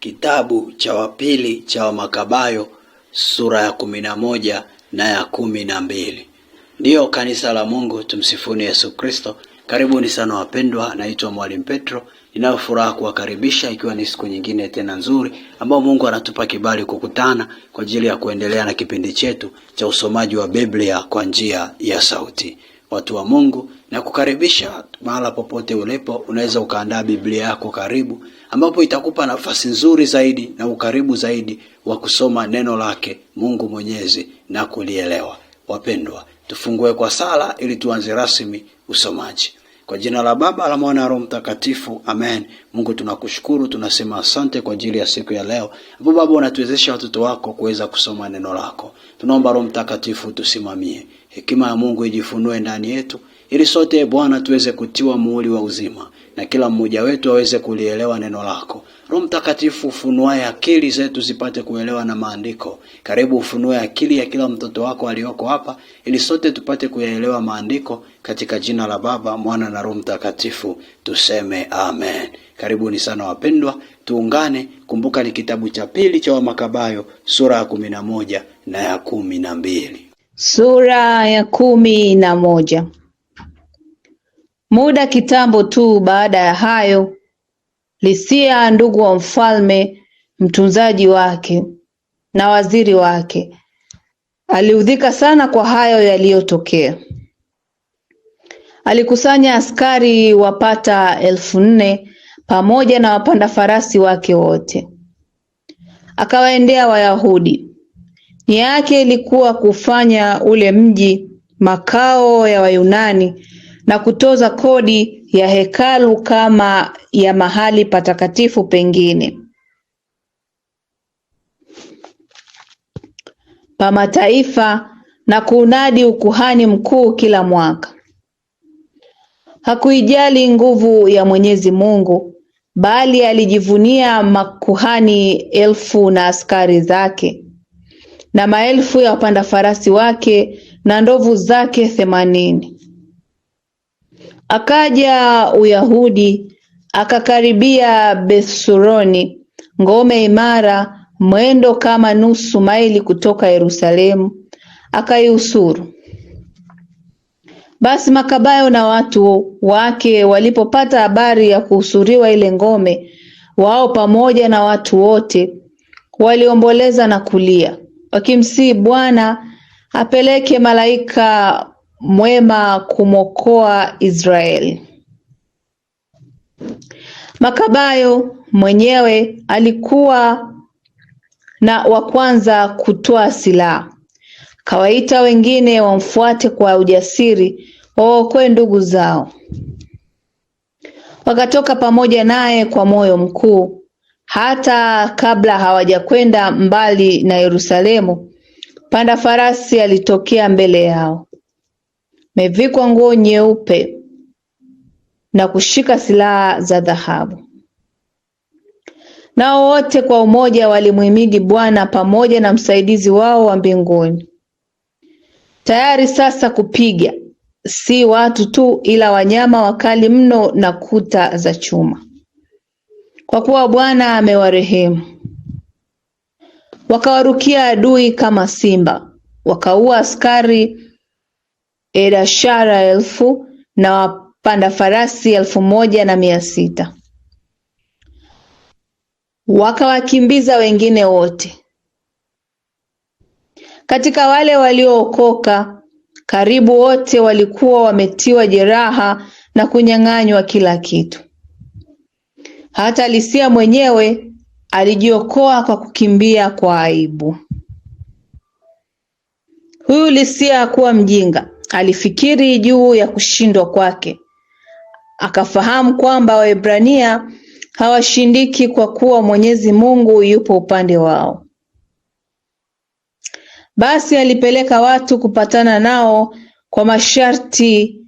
Kitabu cha Wapili cha Wamakabayo sura ya kumi na moja na ya kumi na mbili. Ndiyo kanisa la Mungu, tumsifuni Yesu Kristo. Karibuni sana wapendwa, naitwa Mwalimu Petro. Ninayo furaha kuwakaribisha ikiwa ni siku nyingine tena nzuri ambao Mungu anatupa kibali kukutana kwa ajili ya kuendelea na kipindi chetu cha usomaji wa Biblia kwa njia ya sauti watu wa Mungu na kukaribisha mahala popote ulipo. Unaweza ukaandaa Biblia yako karibu, ambapo itakupa nafasi nzuri zaidi na ukaribu zaidi wa kusoma neno lake Mungu Mwenyezi na kulielewa. Wapendwa, tufungue kwa sala ili tuanze rasmi usomaji. Kwa jina la Baba, la Mwana Roho Mtakatifu, amen. Mungu tunakushukuru, tunasema asante kwa ajili ya siku ya leo, ambapo Baba unatuwezesha watoto wako kuweza kusoma neno lako. Tunaomba Roho Mtakatifu tusimamie hekima ya Mungu ijifunue ndani yetu, ili sote Bwana tuweze kutiwa muhuri wa uzima na kila mmoja wetu aweze kulielewa neno lako. Roho Mtakatifu, ufunuae akili zetu zipate kuelewa na maandiko. Karibu ufunue akili ya kila mtoto wako aliyoko hapa, ili sote tupate kuyaelewa maandiko, katika jina la Baba, Mwana na Roho Mtakatifu tuseme amen. Karibuni sana wapendwa, tuungane. Kumbuka ni kitabu cha pili cha Wamakabayo sura ya kumi na moja na ya kumi na mbili. Sura ya kumi na moja. Muda kitambo tu baada ya hayo, Lisia ndugu wa mfalme, mtunzaji wake na waziri wake, aliudhika sana kwa hayo yaliyotokea. Alikusanya askari wapata elfu nne pamoja na wapanda farasi wake wote, akawaendea Wayahudi yake ilikuwa kufanya ule mji makao ya Wayunani na kutoza kodi ya hekalu kama ya mahali patakatifu pengine pa mataifa na kuunadi ukuhani mkuu kila mwaka. Hakuijali nguvu ya Mwenyezi Mungu, bali alijivunia makuhani elfu na askari zake na maelfu ya wapanda farasi wake na ndovu zake themanini. Akaja Uyahudi akakaribia Bethsuroni, ngome imara, mwendo kama nusu maili kutoka Yerusalemu, akaiusuru. Basi Makabayo na watu wake walipopata habari ya kuhusuriwa ile ngome, wao pamoja na watu wote waliomboleza na kulia wakimsii Bwana apeleke malaika mwema kumwokoa Israeli. Makabayo mwenyewe alikuwa na wa kwanza kutoa silaha, kawaita wengine wamfuate kwa ujasiri, waokoe ndugu zao. Wakatoka pamoja naye kwa moyo mkuu hata kabla hawajakwenda mbali na Yerusalemu, panda farasi alitokea mbele yao, mevikwa nguo nyeupe na kushika silaha za dhahabu. Nao wote kwa umoja walimhimidi Bwana pamoja na msaidizi wao wa mbinguni. Tayari sasa kupiga, si watu tu, ila wanyama wakali mno na kuta za chuma kwa kuwa Bwana amewarehemu. Wakawarukia adui kama simba, wakaua askari Edashara elfu na wapanda farasi elfu moja na mia sita wakawakimbiza wengine wote. Katika wale waliookoka karibu wote walikuwa wametiwa jeraha na kunyang'anywa kila kitu. Hata Lisia mwenyewe alijiokoa kwa kukimbia kwa aibu. Huyu Lisia hakuwa mjinga, alifikiri juu ya kushindwa kwake, akafahamu kwamba Waebrania hawashindiki kwa kuwa Mwenyezi Mungu yupo upande wao. Basi alipeleka watu kupatana nao kwa masharti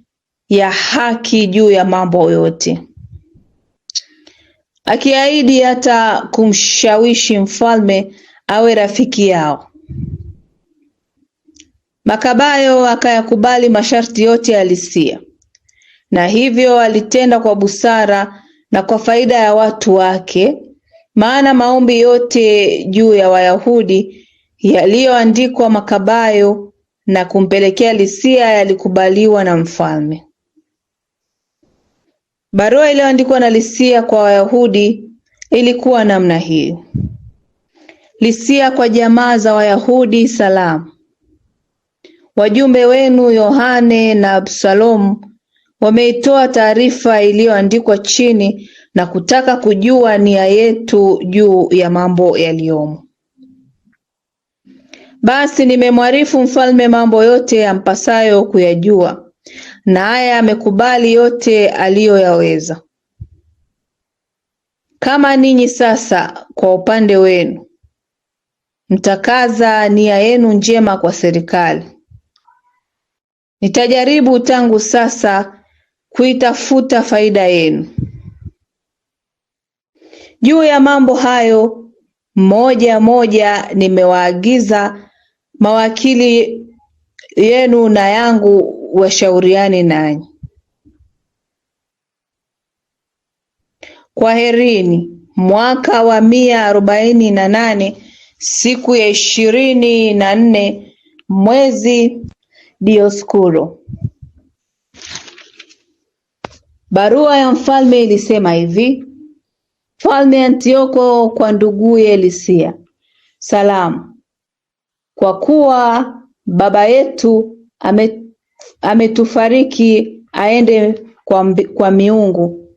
ya haki juu ya mambo yote. Akiahidi hata kumshawishi mfalme awe rafiki yao Makabayo akayakubali masharti yote ya Lisia na hivyo alitenda kwa busara na kwa faida ya watu wake, maana maombi yote juu ya Wayahudi yaliyoandikwa Makabayo na kumpelekea Lisia yalikubaliwa na mfalme. Barua iliyoandikwa na Lisia kwa Wayahudi ilikuwa namna hii: Lisia kwa jamaa za Wayahudi, salamu. Wajumbe wenu Yohane na Absalomu wameitoa taarifa iliyoandikwa chini na kutaka kujua nia yetu juu ya mambo yaliyomo. Basi nimemwarifu mfalme mambo yote yampasayo kuyajua na haya amekubali yote aliyoyaweza. Kama ninyi sasa kwa upande wenu mtakaza nia yenu njema kwa serikali, nitajaribu tangu sasa kuitafuta faida yenu. Juu ya mambo hayo moja moja nimewaagiza mawakili yenu na yangu washauriane nanyi. Kwaherini. Mwaka wa mia arobaini na nane siku ya ishirini na nne mwezi Dioskuro. Barua ya mfalme ilisema hivi: Mfalme Antioko kwa nduguye Lisia, salamu. Kwa kuwa baba yetu ame ametufariki aende kwa, kwa miungu.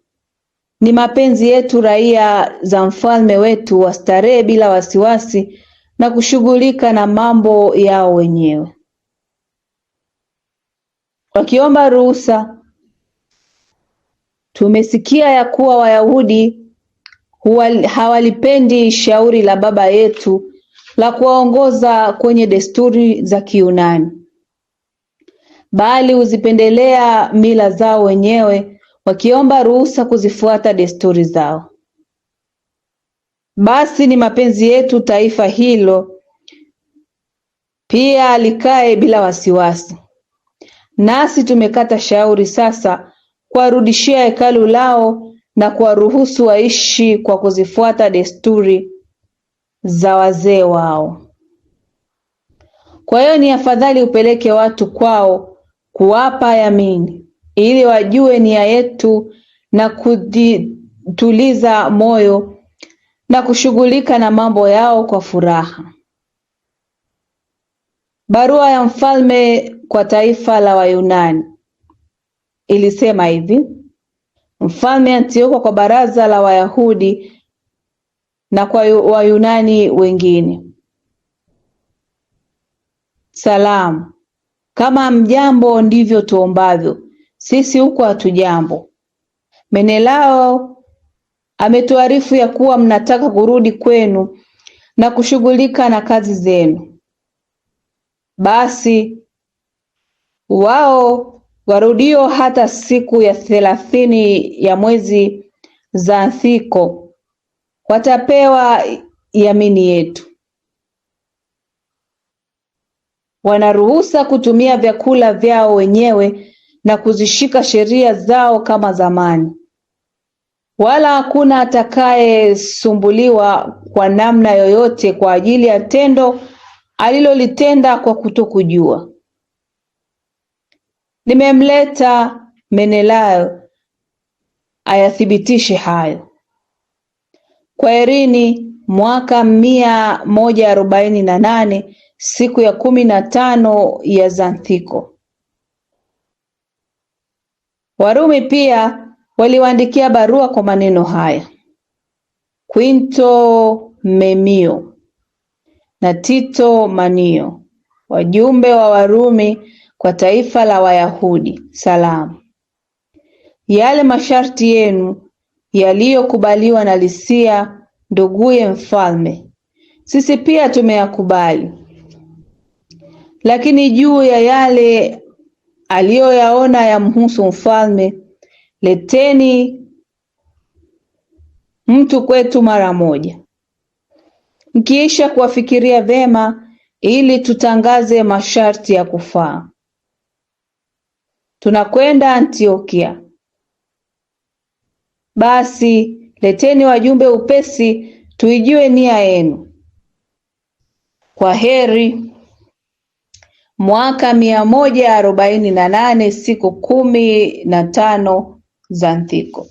Ni mapenzi yetu raia za mfalme wetu wastarehe bila wasiwasi na kushughulika na mambo yao wenyewe, wakiomba ruhusa. Tumesikia ya kuwa Wayahudi hawalipendi shauri la baba yetu la kuwaongoza kwenye desturi za Kiunani bali huzipendelea mila zao wenyewe wakiomba ruhusa kuzifuata desturi zao. Basi ni mapenzi yetu taifa hilo pia likae bila wasiwasi, nasi tumekata shauri sasa kuwarudishia hekalu lao na kuwaruhusu waishi kwa kuzifuata desturi za wazee wao. Kwa hiyo ni afadhali upeleke watu kwao kuwapa yamini ili wajue nia yetu na kujituliza moyo na kushughulika na mambo yao kwa furaha. Barua ya mfalme kwa taifa la Wayunani ilisema hivi: Mfalme Antioko kwa baraza la Wayahudi na kwa Wayunani wengine, salamu. Kama mjambo ndivyo tuombavyo, sisi huko hatujambo. Menelao ametuarifu ya kuwa mnataka kurudi kwenu na kushughulika na kazi zenu. Basi wao warudio hata siku ya thelathini ya mwezi Zanthico watapewa yamini yetu. wanaruhusa kutumia vyakula vyao wenyewe na kuzishika sheria zao kama zamani wala hakuna atakayesumbuliwa kwa namna yoyote kwa ajili ya tendo alilolitenda kwa kutokujua. Nimemleta Menelao ayathibitishe hayo. Kwa Irini, mwaka mia moja arobaini na nane Siku ya kumi na tano ya Zanthiko, Warumi pia waliwaandikia barua kwa maneno haya: Quinto Memio na Tito Manio, wajumbe wa Warumi kwa taifa la Wayahudi, salamu. Yale masharti yenu yaliyokubaliwa na Lisia nduguye mfalme, sisi pia tumeyakubali lakini juu ya yale aliyoyaona yamhusu mfalme, leteni mtu kwetu mara moja, mkiisha kuwafikiria vyema, ili tutangaze masharti ya kufaa. Tunakwenda Antiokia. Basi leteni wajumbe upesi, tuijue nia yenu. Kwa heri. Mwaka mia moja arobaini na nane siku kumi na tano za nthiko.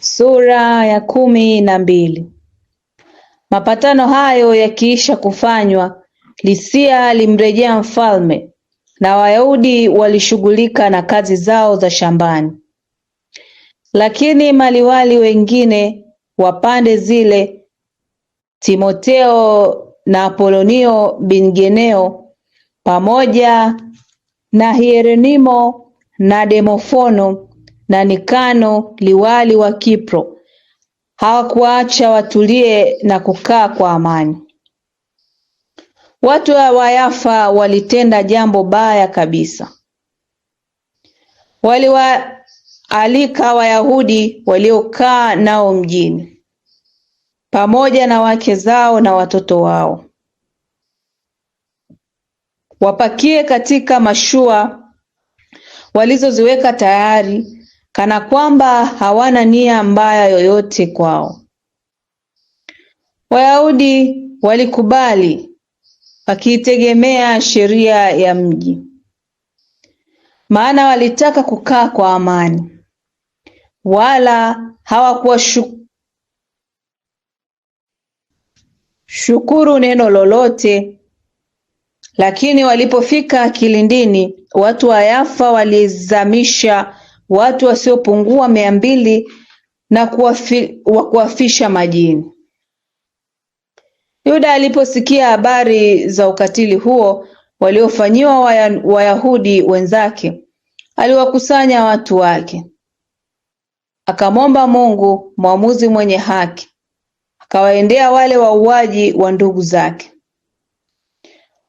sura ya kumi na mbili Mapatano hayo yakiisha kufanywa Lisia alimrejea mfalme na Wayahudi walishughulika na kazi zao za shambani lakini maliwali wengine wa pande zile Timoteo na Apolonio bin Geneo pamoja na Hieronimo na Demofono na Nikano liwali wa Kipro hawakuacha watulie na kukaa kwa amani. Watu wa wayafa walitenda jambo baya kabisa. Waliwaalika Wayahudi waliokaa nao mjini pamoja na wake zao na watoto wao, wapakie katika mashua walizoziweka tayari, kana kwamba hawana nia mbaya yoyote kwao. Wayahudi walikubali wakiitegemea sheria ya mji, maana walitaka kukaa kwa amani, wala hawakuwashuku shukuru neno lolote. Lakini walipofika kilindini, watu wa Yafa walizamisha watu wasiopungua mia mbili na kuwafi, kuwafisha majini. Yuda aliposikia habari za ukatili huo waliofanyiwa Wayahudi wenzake, aliwakusanya watu wake, akamwomba Mungu mwamuzi mwenye haki kawaendea wale wauaji wa ndugu zake.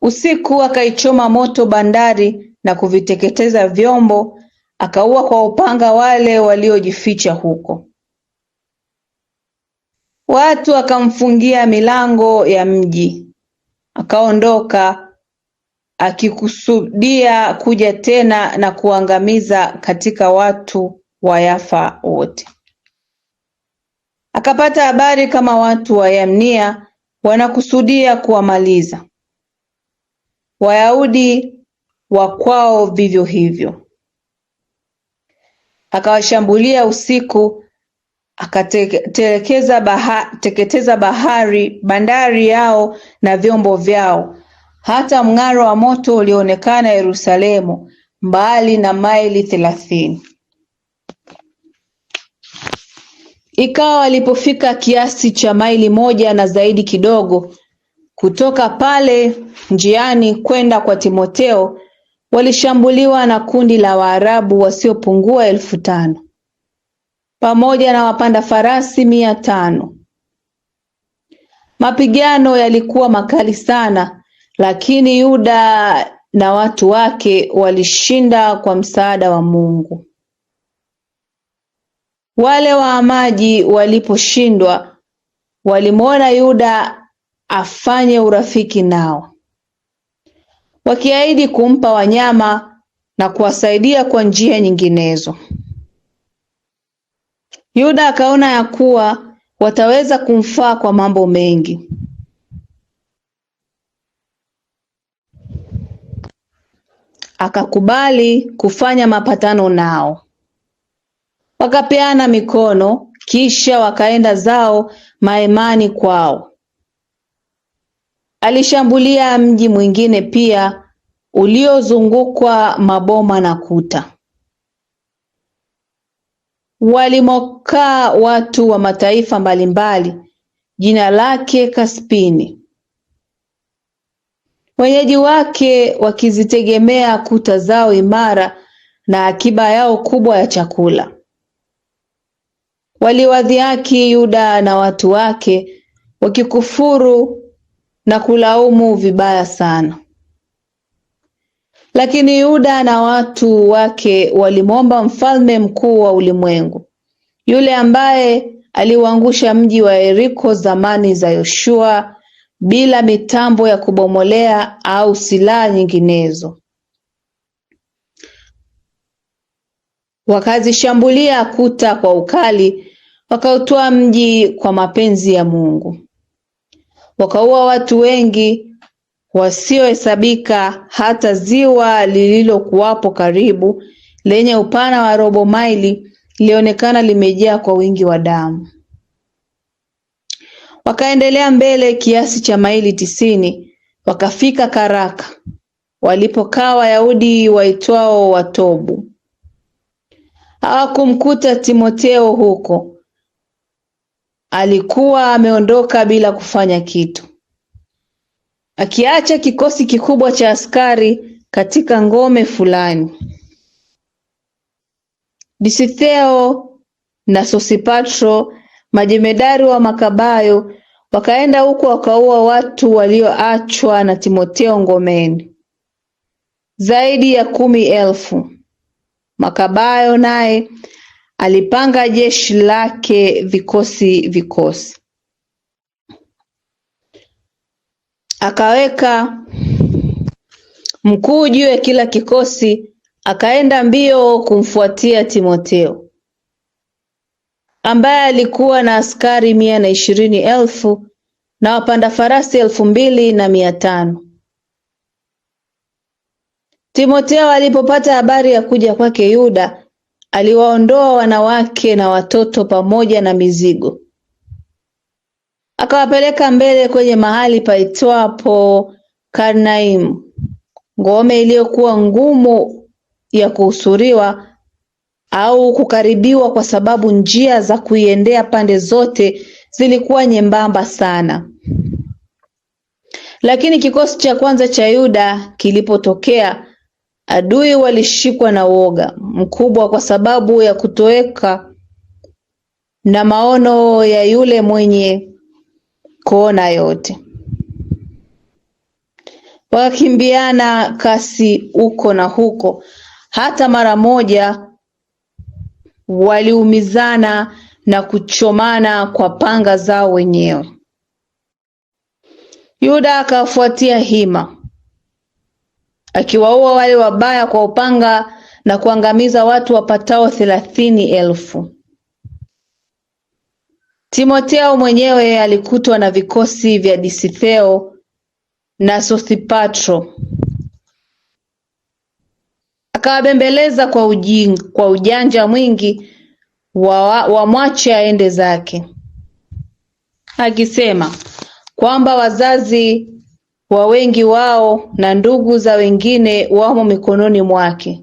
Usiku akaichoma moto bandari na kuviteketeza vyombo, akaua kwa upanga wale waliojificha huko. Watu akamfungia milango ya mji, akaondoka akikusudia kuja tena na kuangamiza katika watu wa Yafa wote akapata habari kama watu wa Yamnia wanakusudia kuwamaliza Wayahudi wa kwao vivyo hivyo, akawashambulia usiku, akateketeza baha, teketeza bahari bandari yao na vyombo vyao, hata mng'aro wa moto ulioonekana Yerusalemu mbali na maili thelathini. Ikawa walipofika kiasi cha maili moja na zaidi kidogo kutoka pale njiani kwenda kwa Timotheo walishambuliwa na kundi la Waarabu wasiopungua elfu tano pamoja na wapanda farasi mia tano. Mapigano yalikuwa makali sana, lakini Yuda na watu wake walishinda kwa msaada wa Mungu. Wale waamaji waliposhindwa walimwona Yuda afanye urafiki nao wakiahidi kumpa wanyama na kuwasaidia kwa njia nyinginezo. Yuda akaona ya kuwa wataweza kumfaa kwa mambo mengi. Akakubali kufanya mapatano nao. Wakapeana mikono kisha wakaenda zao Maemani kwao. Alishambulia mji mwingine pia uliozungukwa maboma na kuta. Walimokaa watu wa mataifa mbalimbali, jina lake Kaspini, wenyeji wake wakizitegemea kuta zao imara na akiba yao kubwa ya chakula waliwadhiaki Yuda na watu wake wakikufuru na kulaumu vibaya sana. Lakini Yuda na watu wake walimwomba mfalme mkuu wa ulimwengu, yule ambaye aliuangusha mji wa Yeriko zamani za Yoshua bila mitambo ya kubomolea au silaha nyinginezo. Wakazishambulia kuta kwa ukali wakautoa mji kwa mapenzi ya Mungu, wakaua watu wengi wasiohesabika, hata ziwa lililokuwapo karibu lenye upana wa robo maili lilionekana limejaa kwa wingi wa damu. Wakaendelea mbele kiasi cha maili tisini wakafika Karaka walipokaa Wayahudi waitwao Watobu. Hawakumkuta Timotheo huko, Alikuwa ameondoka bila kufanya kitu, akiacha kikosi kikubwa cha askari katika ngome fulani. disitheo na Sosipatro majemedari wa Makabayo wakaenda huko wakaua watu walioachwa na Timotheo ngomeni zaidi ya kumi elfu. Makabayo naye Alipanga jeshi lake vikosi vikosi akaweka mkuu juu ya kila kikosi akaenda mbio kumfuatia Timotheo ambaye alikuwa na askari mia na ishirini elfu na wapanda farasi elfu mbili na mia tano. Timotheo alipopata habari ya kuja kwake Yuda Aliwaondoa wanawake na watoto pamoja na mizigo, akawapeleka mbele kwenye mahali paitwapo karnaim ngome iliyokuwa ngumu ya kuhusuriwa au kukaribiwa, kwa sababu njia za kuiendea pande zote zilikuwa nyembamba sana. Lakini kikosi cha kwanza cha Yuda kilipotokea Adui walishikwa na woga mkubwa kwa sababu ya kutoweka na maono ya yule mwenye kuona yote wakakimbiana kasi huko na huko, hata mara moja waliumizana na kuchomana kwa panga zao wenyewe. Yuda akawafuatia hima akiwaua wale wabaya kwa upanga na kuangamiza watu wapatao thelathini elfu. Timotheo mwenyewe alikutwa na vikosi vya Disitheo na Sosipatro, akawabembeleza kwa ujing, kwa ujanja mwingi wamwache wa aende zake, akisema kwamba wazazi wa wengi wao na ndugu za wengine wamo mikononi mwake,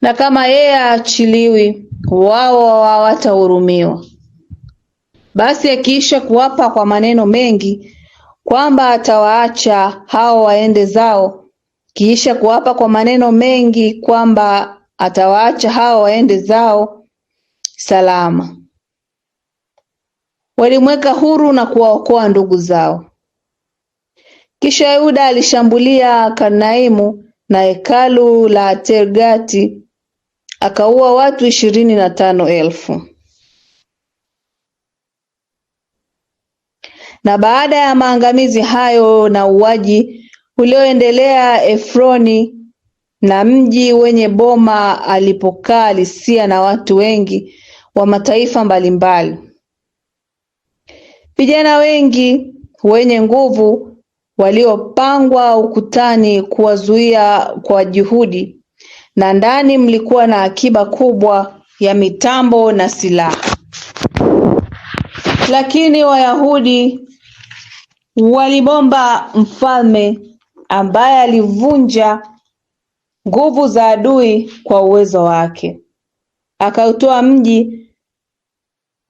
na kama yeye aachiliwi, wao hawatahurumiwa. Basi akiisha kuwapa kwa maneno mengi kwamba atawaacha hao waende zao, kiisha kuwapa kwa maneno mengi kwamba atawaacha hao waende zao salama, walimweka huru na kuwaokoa ndugu zao. Kisha Yuda alishambulia Karnaimu na hekalu la tergati akaua watu ishirini na tano elfu na baada ya maangamizi hayo na uwaji ulioendelea Efroni na mji wenye boma alipokaa Lisia na watu wengi wa mataifa mbalimbali, vijana wengi wenye nguvu waliopangwa ukutani kuwazuia kwa juhudi na ndani mlikuwa na akiba kubwa ya mitambo na silaha lakini Wayahudi walibomba mfalme ambaye alivunja nguvu za adui kwa uwezo wake, akautoa mji,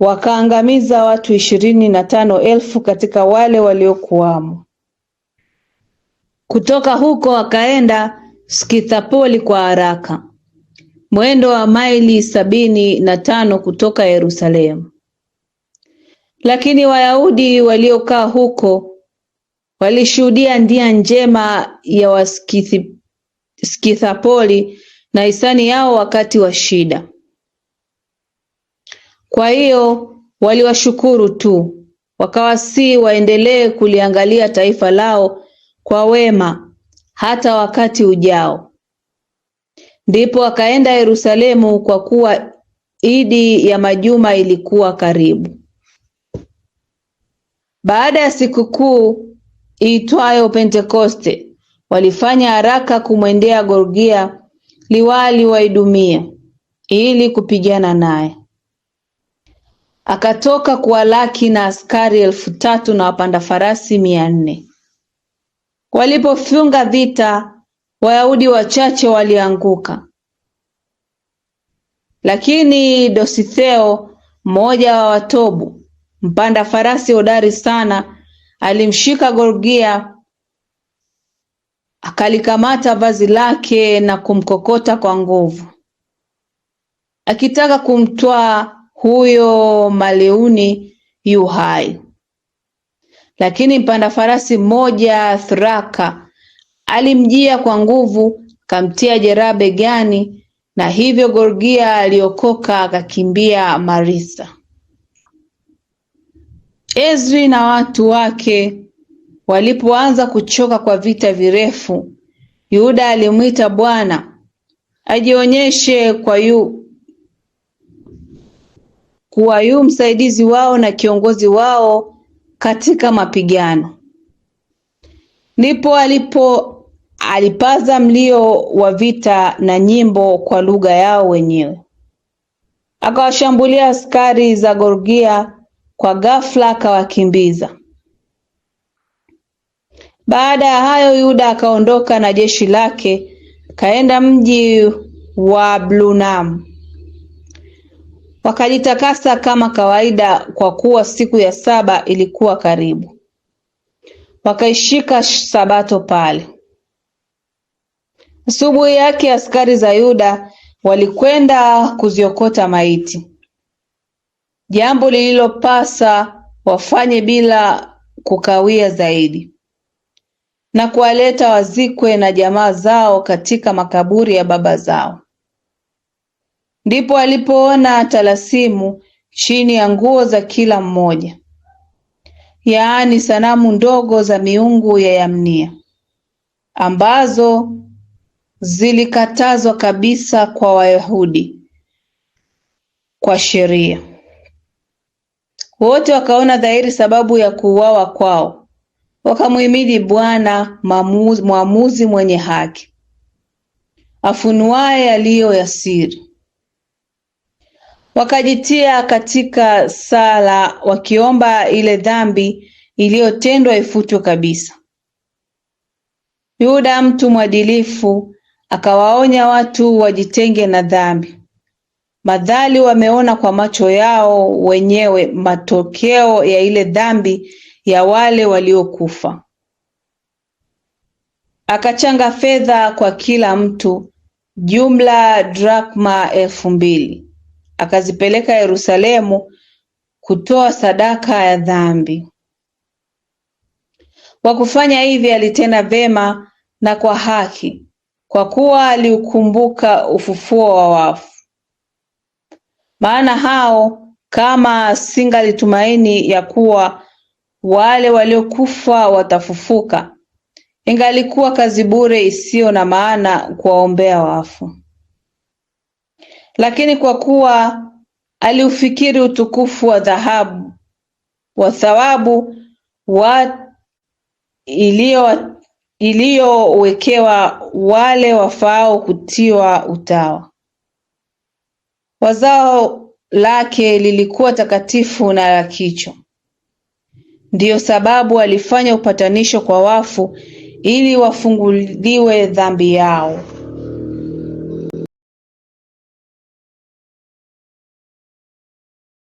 wakaangamiza watu ishirini na tano elfu katika wale waliokuwamo. Kutoka huko akaenda skithapoli kwa haraka, mwendo wa maili sabini na tano kutoka Yerusalemu. Lakini Wayahudi waliokaa huko walishuhudia ndia njema ya Waskithapoli na hisani yao wakati wa shida. Kwa hiyo waliwashukuru tu, wakawasii waendelee kuliangalia taifa lao kwa wema hata wakati ujao. Ndipo akaenda Yerusalemu kwa kuwa Idi ya majuma ilikuwa karibu. Baada ya sikukuu iitwayo Pentekoste, walifanya haraka kumwendea Gorgia liwali wa Idumia ili kupigana naye. Akatoka kuwalaki na askari elfu tatu na wapanda farasi mia nne. Walipofunga vita Wayahudi wachache walianguka, lakini Dositheo, mmoja wa Watobu, mpanda farasi hodari sana, alimshika Gorgia akalikamata vazi lake na kumkokota kwa nguvu, akitaka kumtwaa huyo maleuni yu hai. Lakini mpanda farasi mmoja Thraka alimjia kwa nguvu, kamtia jeraha begani, na hivyo Gorgia aliokoka akakimbia Marisa. Ezri na watu wake walipoanza kuchoka kwa vita virefu, Yuda alimwita Bwana ajionyeshe kwa yu kuwa yu msaidizi wao na kiongozi wao katika mapigano. Ndipo alipo alipaza mlio wa vita na nyimbo kwa lugha yao wenyewe, akawashambulia askari za Gorgia kwa ghafla, akawakimbiza. Baada ya hayo, Yuda akaondoka na jeshi lake, kaenda mji wa Blunam wakajitakasa kama kawaida, kwa kuwa siku ya saba ilikuwa karibu. Wakaishika sabato pale. Asubuhi yake askari za Yuda walikwenda kuziokota maiti, jambo lililopasa wafanye bila kukawia zaidi, na kuwaleta wazikwe na jamaa zao katika makaburi ya baba zao. Ndipo alipoona talasimu chini ya nguo za kila mmoja, yaani sanamu ndogo za miungu ya Yamnia ambazo zilikatazwa kabisa kwa Wayahudi kwa sheria. Wote wakaona dhahiri sababu ya kuuawa kwao, wakamhimidi Bwana mwamuzi mwenye haki afunuaye yaliyo ya siri wakajitia katika sala wakiomba ile dhambi iliyotendwa ifutwe kabisa. Yuda mtu mwadilifu akawaonya watu wajitenge na dhambi, madhali wameona kwa macho yao wenyewe matokeo ya ile dhambi ya wale waliokufa. Akachanga fedha kwa kila mtu, jumla drakma elfu mbili akazipeleka Yerusalemu kutoa sadaka ya dhambi. Kwa kufanya hivi alitenda vema na kwa haki, kwa kuwa aliukumbuka ufufuo wa wafu. Maana hao kama singalitumaini ya kuwa wale waliokufa watafufuka, ingalikuwa kazi bure isiyo na maana kuwaombea wafu. Lakini kwa kuwa aliufikiri utukufu wa dhahabu wa thawabu wa iliyowekewa wale wafaao kutiwa utawa, wazao lake lilikuwa takatifu na la kicho. Ndiyo sababu alifanya upatanisho kwa wafu ili wafunguliwe dhambi yao.